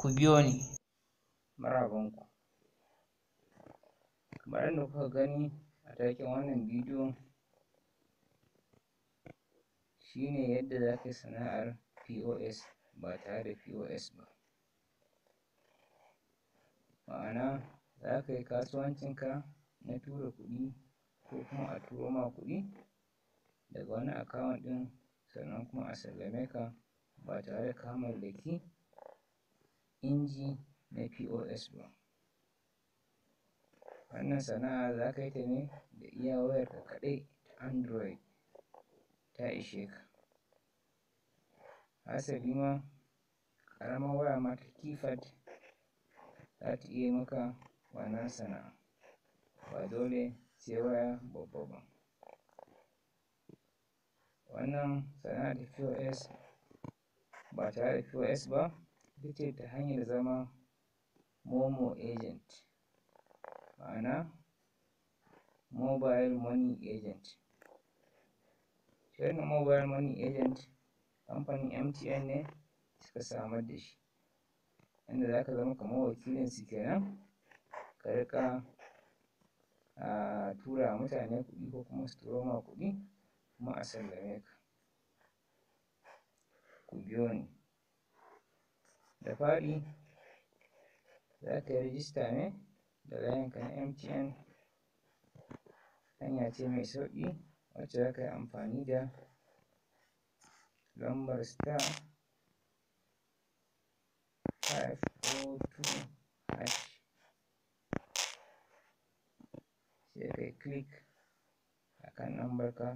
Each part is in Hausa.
ku biyo ni marabanku kamar yadda kuka gani a taken wannan bidiyo. Shi ne yadda za ka yi sana'ar POS ba tare da POS ba ma'ana za ka yi kasuwancinka na tura kuɗi ko kuma a turo ma kuɗi daga wani akawun ɗin sannan kuma a sallame ka ba tare da ka mallaki inji na POS ba. Wannan sana'a za ka yi ta ne da iya wayarka kaɗai ta Android ta ishe ka. Hasali ma ƙaramar waya ma ta keypad za ta iya maka wannan sana'a, ba dole sai waya babba ba. Wannan sana'a ta POS ba tare da POS ba. ita ce ta hanyar zama momo agent ma'ana mobile money agent shi wannan mobile money agent kamfanin mtn ne suka samar da shi inda za ka zama kamar wakilinsu kenan ka rika a tura mutane kuɗi ko kuma su turo ma kuɗi kuma a sallame ka ku biyo ni da fari za ka yi rijista ne da layinka na MTN hanya ce mai sauƙi wacce za ka yi amfani da lambar star five four oh two hash sai ka yi click a kan da ba ka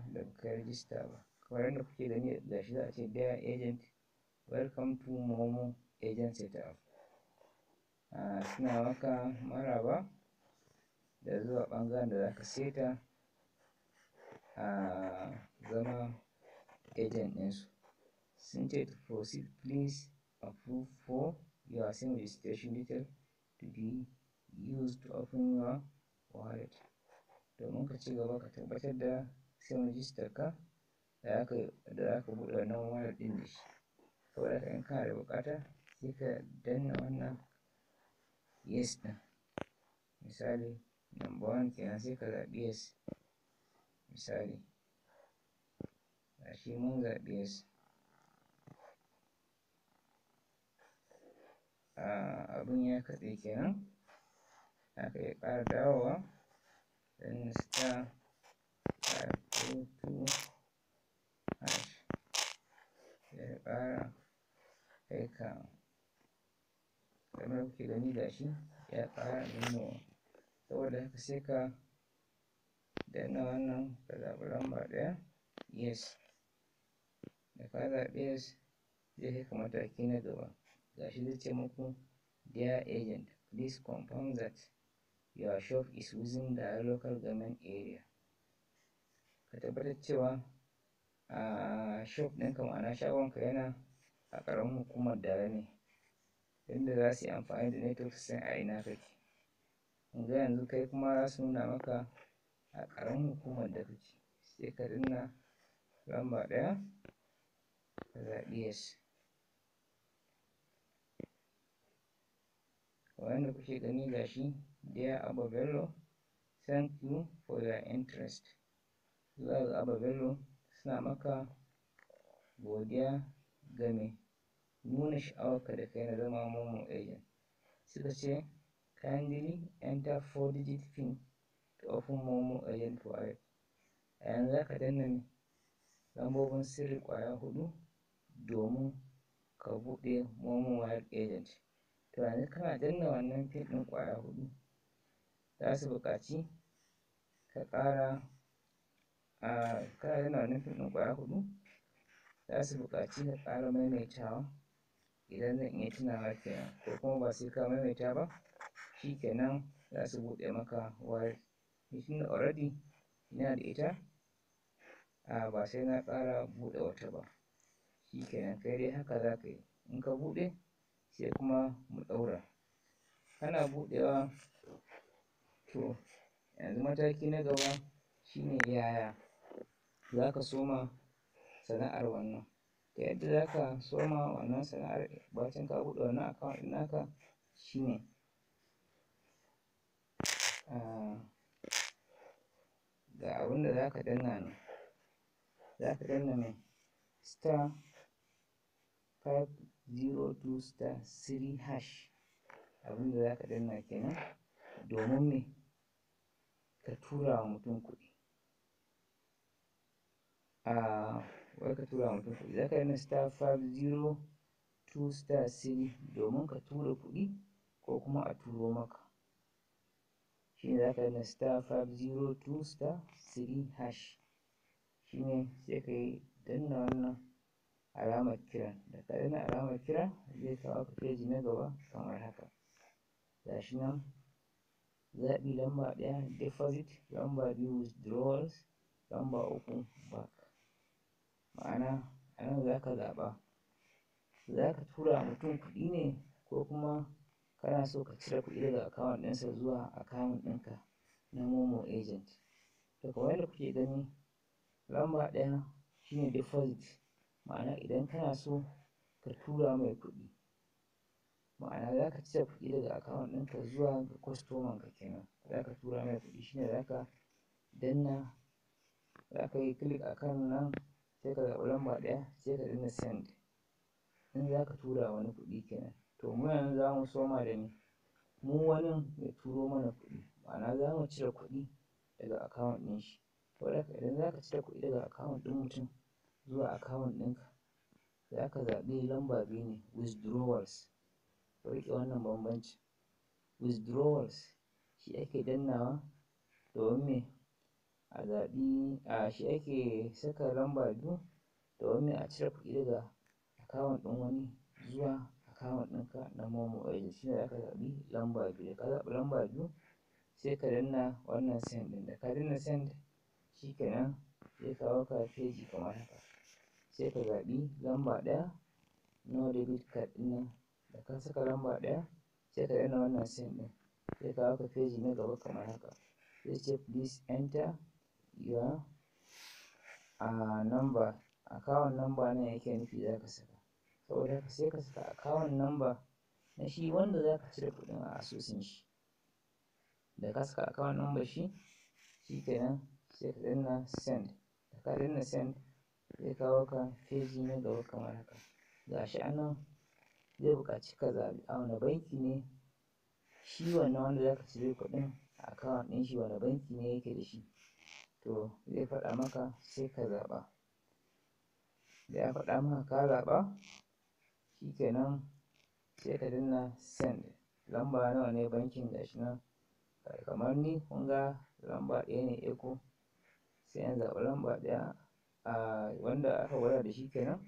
yi rijista ba kamar yadda kuke gani gashi za a ce dear agent welcome to momo agency setup uh, ah, suna maka maraba da zuwa ɓangaren da zaka seta uh, ah, zama agent ɗinsu sun ce to proceed please approve for your same registration detail to be used to open your wallet domin ka ci gaba ka tabbatar da same register ka da zaka buɗe wannan wallet ɗin da shi saboda haka in kana da buƙata sai danna wannan yes ɗin misali namba one kenan sai ka zaɓi yes misali gashi mun zaɓi yes abun ya katse kenan aka iya ƙara dawowa dan star five two two hash ya ƙara kai ka kamar kuke gani gashi ya ƙara nunawa saboda haka sai ka danna wannan ka zaɓi lamba ɗaya yes da ka zaɓi yes zai kai ka mataki na gaba gashi zai ce muku dear agent please confirm that your shop is within the local government area ka tabbatar cewa a ah, shop ɗinka ma'ana shagonka yana a ƙaramin hukumar dare ne yadda za su yi amfani da network su a ina kake yanzu yanzu kai kuma za su nuna maka a ƙaramin hukumar da kake sai ka danna lamba ɗaya ka zaɓi yes wanda kuke gani gashi dear Abba Bello thank you for your interest zuwa ga Abba Bello suna maka godiya game nuna sha'awarka da kai na zama Momo agent. Suka ce, kindly enter four digit pin to open Momo agent wire" app. A yanzu za ka danna lambobin sirri ƙwaya hudu domin ka buɗe Momo wire Agent. To yanzu kana danna wannan pin ɗin ƙwaya hudu za su buƙaci ka ƙara a kana danna wannan pin ɗin ƙwaya hudu za su buƙaci ka ƙara maimaitawa. idan zan iya tunawa kenan ko kuma ba sai ka maimaita ba shikenan za su buɗe maka wayar ni tunda already ina da ita a ba sai na ƙara buɗe wata ba shikenan kai dai haka za ka yi in ka buɗe sai kuma mu ɗaura kana buɗewa to yanzu mataki na gaba shine yaya za ka soma sana'ar wannan ta yadda za ka soma wannan sana'ar bacin ka buɗe wannan account ɗin naka shine ah, ga abin da za ka danna ne za ka danna mai star five zero two star three hash abin da za ka danna kenan domin me ka tura wa mutum kuɗi. Ah, wai ka tura mutum kuɗi za ka yi na star five zero two star three, domin ka tura kuɗi ko kuma a turo maka shi ne za ka yi na star five zero two star three hash shi ne sai ka yi danna wannan alamar kira da ka danna alamar kira zai kawo ka feji na gaba kamar haka ga shi nan zaɓi lamba ɗaya deposit lamba biyu withdrawals lamba uku back Ma'ana a nan za ka zaɓa, za ka tura wa mutum kuɗi ne ko kuma kana so ka cire kuɗi daga account ɗinsa zuwa account ɗinka na Momo agent. To kamar yadda kuke gani lamba ɗaya shine deposit. Ma'ana idan kana so ka tura mai kuɗi, ma'ana za ka cire kuɗi daga account ɗinka zuwa ga ka kenan. Za ka tura mai kuɗi shine za ka danna, za ka yi click akan nan. sai ka zaɓi lamba ɗaya sai ka dinga send in za ka tura wani kuɗi kenan to mu yanzu za mu soma da ni mu wani ya turo mana kuɗi ma'ana za mu cire kuɗi daga account ɗin shi Wadaka idan za ka cire kuɗi daga account ɗin mutum zuwa account ɗinka za ka zaɓi lamba biyu ne withdrawals ka riƙe wannan bambanci withdrawals shi ake dannawa domin me a zaɓi a shi ake saka lamba biyu domin a cire kuɗi daga akawun ɗin wani zuwa akawun ɗinka na MoMo eh, shi ne za ka zaɓi lamba biyu da ka zaɓi lamba biyu sai ka danna wannan send ɗin da ka danna send shi kenan zai kawo ka feji kamar haka sai ka zaɓi lamba ɗaya no debit card ɗin nan da ka saka lamba ɗaya sai ka danna wannan send ɗin zai kawo ka feji na gaba kamar haka zai ce please enter ya a number account number nan yake nufi za ka saka saboda haka sai ka saka account number na shi wanda za ka cire kuɗin a asusun shi da ka saka account number shi shi kenan sai ka danna send da ka danna send zai kawo ka feji na gaba kamar haka ga shi a nan zai buƙaci ka zaɓi a wane banki ne shi wannan wanda za ka cire kuɗin a account ɗin shi wani banki ne yake da shi to zai faɗa maka sai ka zaɓa da ya faɗa maka ka zaɓa shikenan sai ka danna send lamba nawa ne bankin gashi nan kamar ni kun ga lamba ɗaya ne eco sai in zaɓi lamba ɗaya a wanda aka gwada da shi kenan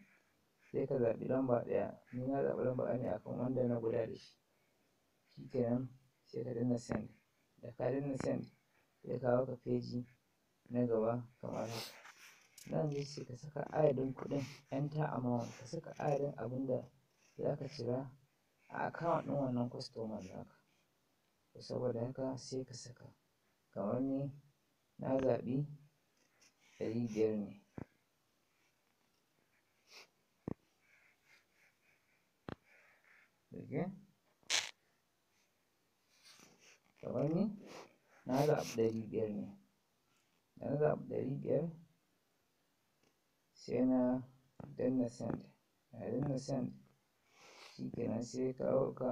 sai ka zaɓi lamba ɗaya ni na zaɓi lamba ɗaya ne akan wanda na gwada da shi shikenan sai ka danna send da ka danna send sai kawo ka feji na gaba kamar haka. Nan zai ce ka saka adadin kuɗin enter amount, ka saka adadin abin da za ka cira a account ɗin wannan kwastoman naka. To saboda haka sai ka saka. Kamar ni na zaɓi ɗari biyar ne. Kamar ni na zaɓi ɗari biyar ne. na zaɓi ɗari biyar sai na danna send na danna send shi kenan sai kawo ka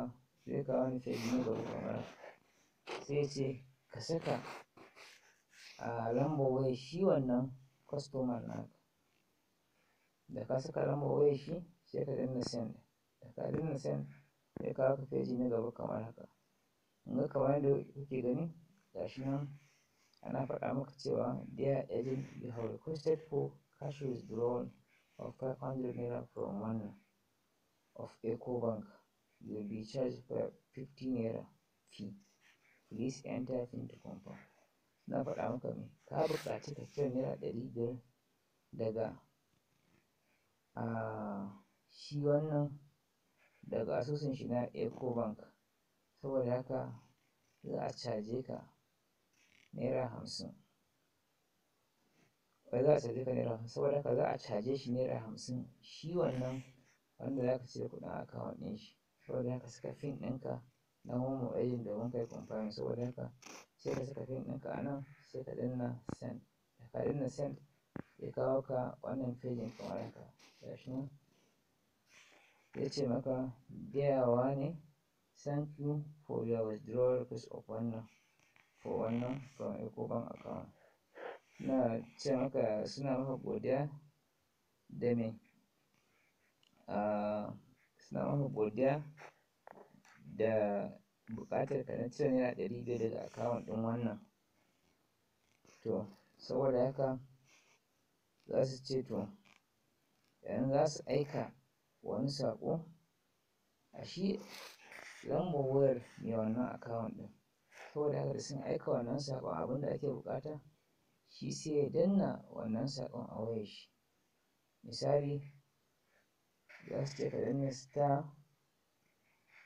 zai kawo ni feji na gaba kamar haka, sai ce ka saka a lambar waya shi wannan kwastoman naka da ka saka lambar waya shi sai ka danna send da ka danna send sai kawo ka feji na gaba kamar haka in ga kamar yadda kuke gani shi nan ana faɗa maka cewa dear agent you have requested for cash withdrawal of 500 naira from one of eco bank will be charged for 50 naira fee please enter pin to confirm na faɗa maka me ka buƙaci ka cire naira ɗari biyar daga a shi wannan daga asusun shi na eco bank saboda haka za a caje ka naira hamsin. Ba za a caje ka naira hamsin saboda haka za a caje shi naira hamsin shi wannan wanda za ka cire kuɗin account ɗin shi. Saboda haka saka fin ɗinka na Momo agent domin kai confirming saboda haka sai ka saka fin ɗinka a nan sai ka danna send. Da ka danna send ya kawo ka wannan fejin kamar haka shi nan Ya ce maka dear ne thank you for your withdrawal request of wannan. ko wannan from a account. ce maka suna maka godiya da me? suna maka godiya da buƙatar ka na cire naira ɗari biyar daga account ɗin wannan. To, saboda haka za su ce to, idan za su aika wani saƙo a shi lambar wayar mai wannan account ɗin. saboda haka sun aika wannan saƙon abin da ake buƙata shi sai ya danna wannan saƙon a wayar shi misali za su ce ka danna star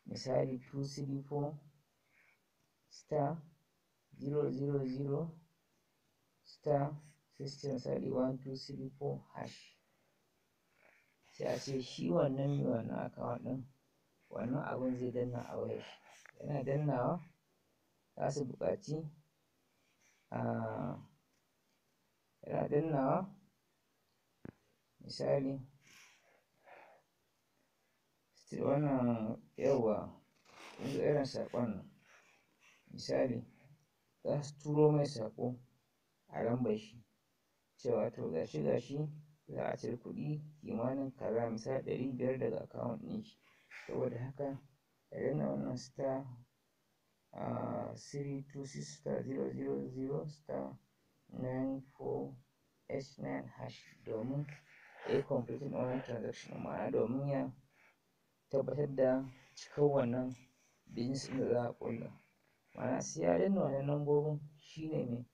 misali 234 star 000 star system three, four, hash sai a ce shi wannan mai wannan account ɗin wannan abin zai danna a wayar shi yana dannawa za su buƙaci a yana dannawa misali wannan yawwa yanzu irin saƙon misali za su turo mai saƙo a lambar shi cewa to gashi gashi za a cire kuɗi kimanin kaza misali ɗari biyar daga akawun ɗin shi saboda haka ya danna wannan star CV26 star 000 star 94H9 hash domin a completing online transaction ma'ana domin ya tabbatar da cikar wannan business da za a ƙulla ma'ana sai ya danna wannan lambobin shine mai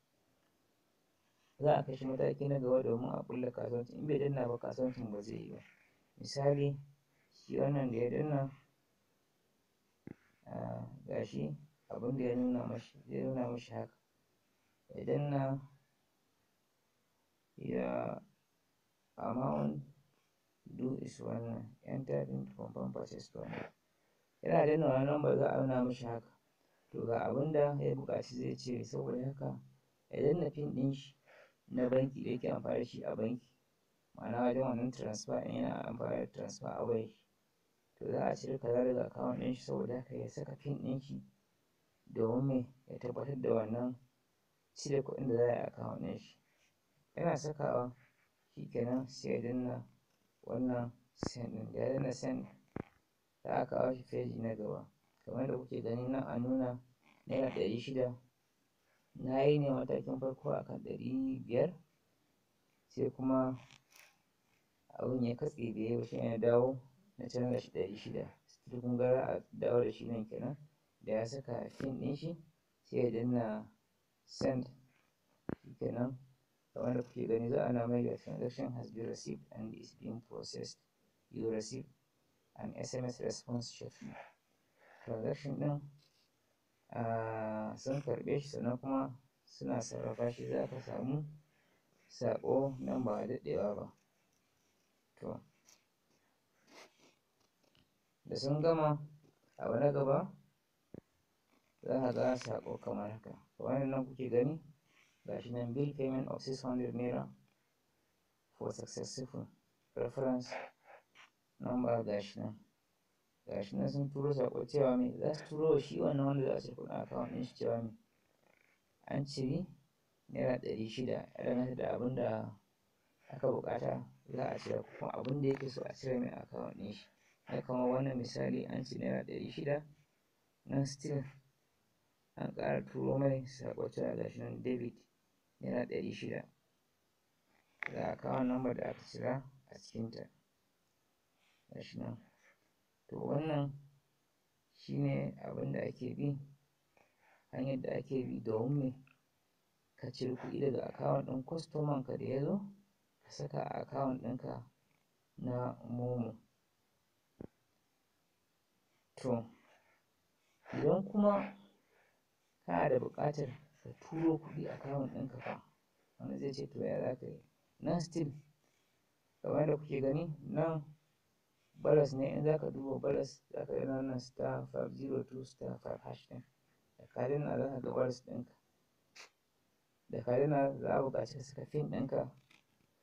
za a kashe mataki na gaba domin a ƙulla kasuwanci in bai danna ba kasuwancin ba zai yi ba misali shi wannan da ya danna gashi abin da ya nuna mashi ya nuna mashi haka ya danna ya amount do is wannan enter into confirm purchase to yana danna wannan number za a nuna mashi haka to ga abin da ya buƙaci zai ce saboda haka ya danna pin ɗin shi na banki da yake amfani da shi a banki ma'ana wajen wannan transfer ɗin yana amfani da transfer a to za a cire kaza daga account ɗin shi saboda haka ya saka pin ɗin shi domin mai ya tabbatar da wannan cire kuɗin da za a yi a account ɗin shi yana sakawa shikenan sai ya danna wannan send ɗin da ya danna send za a kawo shi feji na gaba kamar da kuke gani nan a nuna naira ɗari shida na yi ne matakin farko a kan ɗari biyar sai kuma abin ya katse da ya shi na dawo na canza shi ɗari shida sai kun gara a dawo da shi nan kenan da ya saka fin ɗin shi sai ya danna send kenan kamar da kuke gani za a na mai da transaction has been received and is being processed you receive an sms response shortly transaction ɗin sun karɓe shi sannan kuma suna sarrafa shi za ka samu saƙo nan ba daɗewa ba to da sun gama abu na gaba za ka ga saƙo kamar haka kamar nan kuke gani ga shi nan bill payment of 600 naira for successful reference number shi nan ga shi nan sun turo saƙo cewa mai za su turo shi wannan wanda za a ce kuɗin account ɗin shi cewa mai an ciri naira ɗari shida ya danganta da abin da aka buƙata za a cire kuma abin da yake so a cire mai account ɗin shi ya kama wannan misali an ci naira ɗari shida nan still an ƙara turo mai saƙo a gashin david yana ɗari shida ga akawun number da aka cira a cikinta to wannan shine abin da ake bi hanyar da ake bi domin me ka cire kuɗi daga akawun ɗin kwastoman ka da ya zo ka saka a akawun ɗinka na momo to idan kuma kana da buƙatar ka turo kuɗi a kawun ɗinka fa wani zai ce to ya za ka yi nan still kamar da kuke gani nan balas ne in za ka duba balas za ka gani wannan star five, zero, two star five, hash ɗin da na za ka ga balas ɗinka da na za a buƙaci ka saka fin ɗinka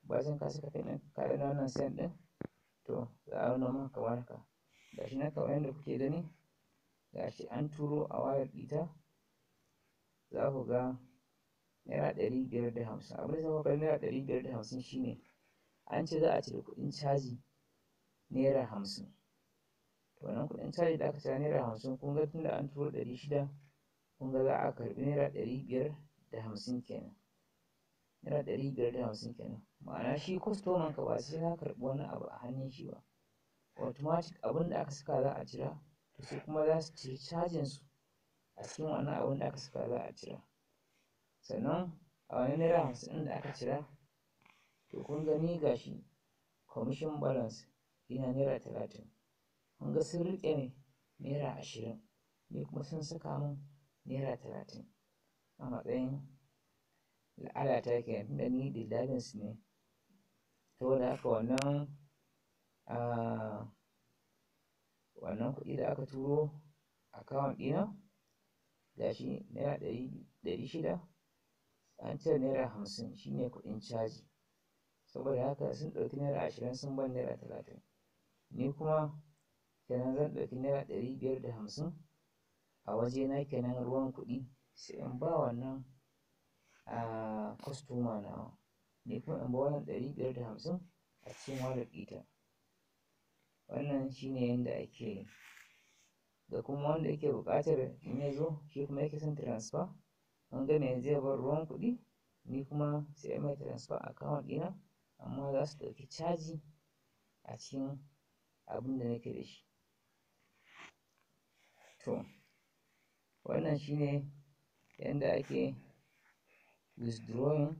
bayan ka saka fin ɗinka kadina wannan sen ɗin to za a nuna maka kamar haka shi nan kamar yadda kuke gani shi an turo a wayar ita za ku ga naira ɗari biyar da hamsin abin da zama naira ɗari biyar da hamsin shine an ce za a cire kuɗin caji naira hamsin to wannan kuɗin caji da aka cira naira hamsin kun ga tunda an turo ɗari shida kun ga za a karɓi naira ɗari biyar da hamsin kenan naira ɗari biyar da hamsin kenan ma'ana shi kwastoman ka ba sai ka karɓi wani abu a hannun shi ba automatic abin da aka saka za a cira to su kuma za su cire cajin su a cikin wannan abun da aka saka za a cira sannan a wani naira hamsin da aka cira to kun gani gashi commission balance yana naira talatin kun ga sun riƙe ne naira ashirin ni kuma sun saka mun naira talatin a matsayin la'ada ta ke da ni dillalin su ne saboda haka wannan wannan kuɗi da aka turo akawun ɗina gashi naira ɗari shida an cire naira hamsin shine kuɗin caji saboda haka sun ɗauki naira ashirin sun ban naira talatin ni kuma kenan zan ɗauki naira ɗari biyar da hamsin a na kenan ruwan kuɗi sai in ba wannan a kwastoma nawa ni kuma in ba wannan ɗari biyar da hamsin a cikin wallet ɗita wannan shine yanda ake yi da kuma wanda yake buƙatar in ya zo shi kuma yake son transfer don mai zai bar ruwan kuɗi ni kuma sai mai transfer account ɗina amma za su ɗauki caji a cikin abin da nake da shi to wannan shine yanda ake withdrawing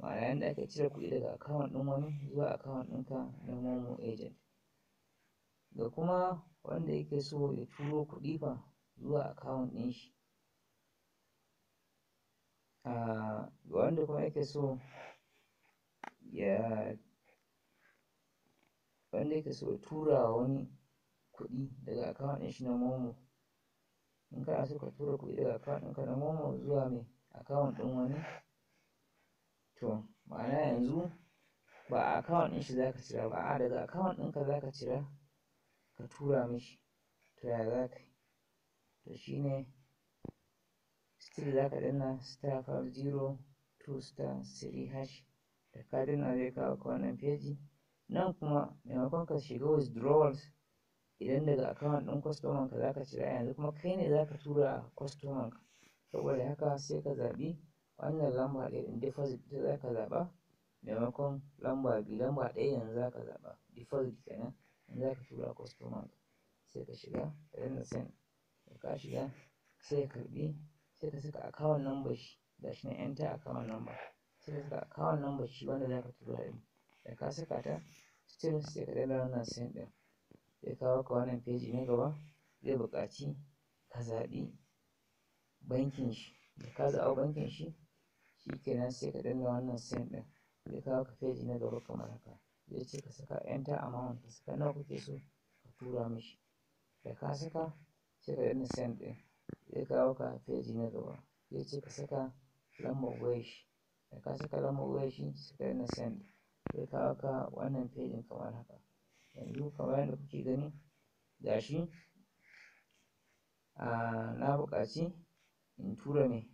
ma'ana yanda ake cire kuɗi daga account ɗin wani zuwa account ɗinka na Momo agent da kuma wanda yake so ya turo kuɗi fa zuwa account ɗin shi ah, wanda kuma yake so ya wanda yake so ya tura wa wani kuɗi daga account ɗin shi na momo in kana so ka tura kuɗi daga account ka na momo zuwa mai account ɗin wani to ma'ana yanzu ba a account ɗin shi za ka cira ba a daga account ɗin za ka cira ka tura mishi to ya za ka yi? To shi ne still za ka danna star five zero two star three hash da ka danna zai kawo ka wannan feji. Nan kuma maimakon ka shiga withdrawals idan daga account ɗin customer ka za ka cira yanzu kuma kai ne za ka tura customer ka. Saboda haka sai ka zaɓi wannan lamba ɗaya ɗin deposit ita za ka zaɓa maimakon lamba biyu lamba ɗaya yanzu za ka zaɓa deposit kenan. in za ka tura customer sai ka shiga ka danna send da ka shiga sai ka karɓi sai ka saka account number shi da shi na enter account number sai ka saka account number shi wanda za ka tura ɗin da ka saka ta still sai ka danna wannan send ɗin zai kawo ka wannan feji ne gaba zai buƙaci ka zaɓi bankin shi da ka zaɓa bankin shi shi kenan sai ka danna wannan send ɗin zai kawo ka feji na gaba kamar haka zai ce ka saka enter amount ka saka nawa kuke so ka tura mishi da ka saka sai ka danna send ɗin zai kawo ka feji na gaba zai ce ka saka lambar wayar shi da ka saka lambar wayar shi sai ka danna send zai kawo ka wannan fejin kamar haka yanzu kamar yadda kuke gani da shi na buƙaci in tura ne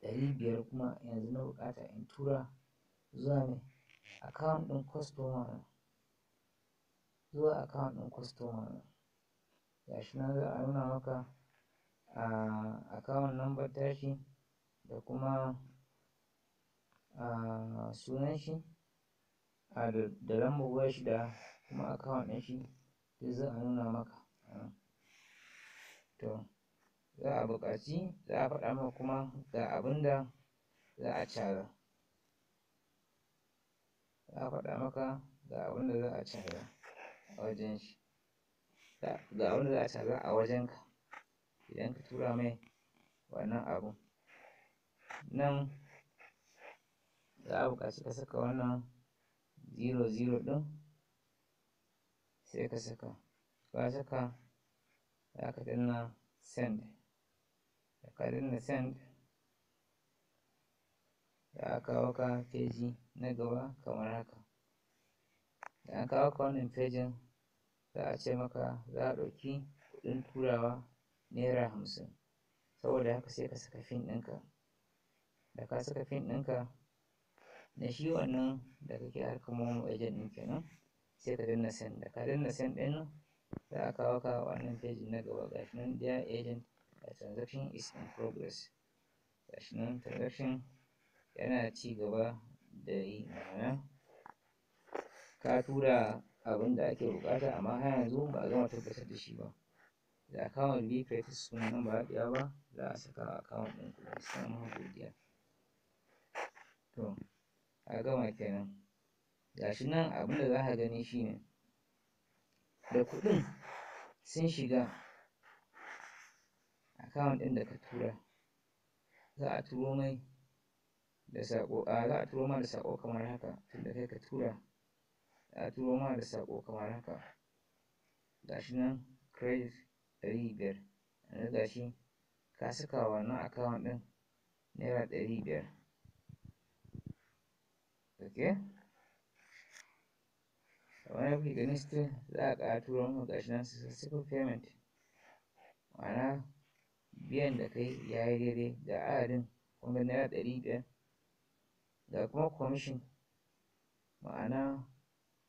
ɗari biyar kuma yanzu na buƙata in tura zuwa ne account ɗin customer na zuwa account ɗin customer na gashi nan za a nuna maka a account number tashi da kuma sunan shi da lambar wayar shi da kuma account ɗin shi duk za a nuna maka to za a buƙaci za a faɗa maka kuma ga abin da za a caza. za a faɗa maka ga abin za a canza a wajen shi ga abin za a canza a ka idan ka tura mai wannan abun nan za a buƙaci ka saka wannan 00 ɗin sai ka saka ka saka za ka danna send ka danna send Da aka kawo ka feji na gaba kamar haka da an kawo ka wannan fejin za a ce maka za a ɗauki kuɗin turawa naira hamsin saboda haka sai ka saka fin ɗinka da ka saka fin ɗinka da shi wannan da kake harkar momo agent ɗin kenan sai ka danna send da ka danna send ɗin nan za a kawo ka wannan fejin na gaba gashi nan dear agent a transaction is in progress gashi nan transaction yana ci gaba da yi ma'ana ka tura abin da ake bukata amma har yanzu ba a gama tabbatar da shi ba da account b credit sun nan ba haɗiya ba za a saka akawun ɗin ku samun godiya to a gama kenan gashi nan abin da za ka gani ne. da kuɗin sun shiga Akawun ɗin da ka tura za a turo mai da saƙo a za a turo ma da saƙo kamar haka tunda kai ka tura a turo ma da saƙo kamar haka gashi nan credit ɗari biyar yanzu gashi ka saka wannan account ɗin naira ɗari biyar ok kamar kuke gani still za a ƙara turo maka gashi nan successful payment ma'ana biyan da kai ya yi daidai da adadin kun ga naira ɗari biyar da kuma commission ma'ana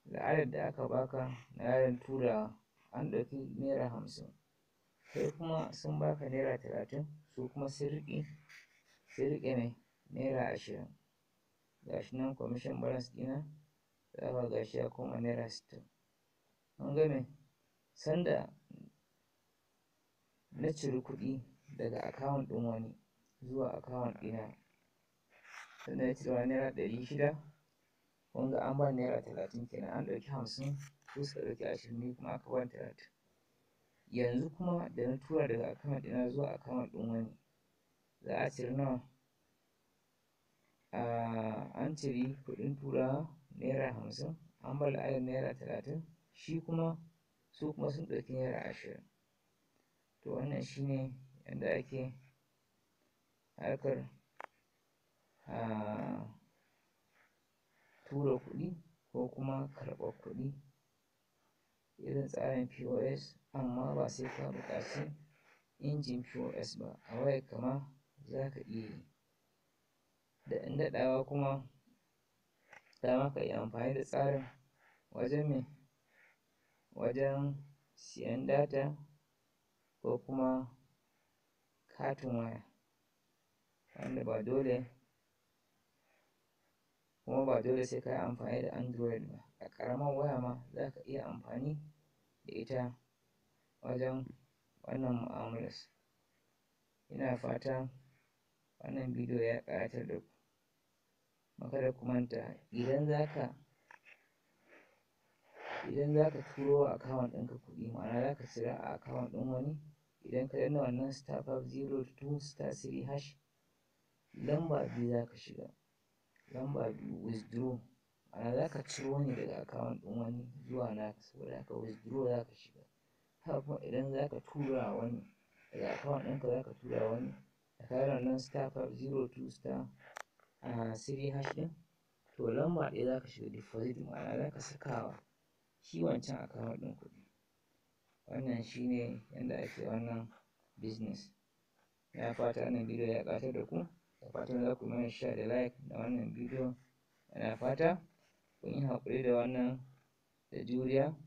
la'adar da aka baka na yaren turawa an ɗauki naira hamsin kai kuma sun baka naira talatin su kuma sun riƙe sun riƙe ne naira ashirin gashi nan commission balance ɗina za ka gashi ya koma naira sittin an gane sanda na ciri kuɗi daga akawun ɗin wani zuwa akawun ɗina tunda cewa naira ɗari shida kuma ga an ba naira talatin kenan an ɗauki hamsin su suka ɗauki ashirin ne kuma aka ban talatin yanzu kuma da na tura daga account ɗina zuwa account ɗin wani za a cire nawa an ciri kuɗin tura naira hamsin an bar la'ayar naira talatin shi kuma su kuma sun ɗauki naira ashirin to wannan shine yanda ake harkar Ah, tura kuɗi ko kuma karɓar kuɗi irin tsarin POS amma ba sai ka buƙaci injin POS ba a waya kama za ka iya yi. daɗawa kuma dama ka yi amfani da tsarin wajen me wajen siyan data ko kuma katin waya wanda ba dole. kuma ba dole sai ka yi amfani da Android ba. A karamar waya ma za ka iya amfani da ita wajen wannan mu'amalar. Ina fata wannan bidiyo ya ƙayatar da ku. ku manta idan za ka idan za ka turo wa akawun ɗinka kuɗi ma'ana za ka sira a akawun ɗin wani idan ka danna wannan star five zero two star three hash lamba biyu za ka shiga. lamba biyu withdraw ma'ana za ka ciro ne daga account ɗin wani zuwa naka saboda haka withdraw za ka shiga haka kuma idan za ka tura wani daga account ɗinka za ka tura wani a kayan nan star five zero two star a siri hash ɗin to lamba ɗaya za ka shiga deposit ma'ana za ka sakawa shi wancan account ɗin kuɗi wannan shine yadda ake wannan business ya fata wannan bidiyo ya ƙatar da ku da fatan za ku mana sha da like da wannan bidiyo ana fata kun yi haƙuri da wannan da juriya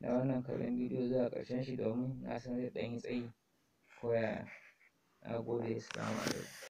na wannan kalan bidiyo zuwa ƙarshen shi domin na san zai ɗan yi tsayi ko yaya na gode salamu alaikum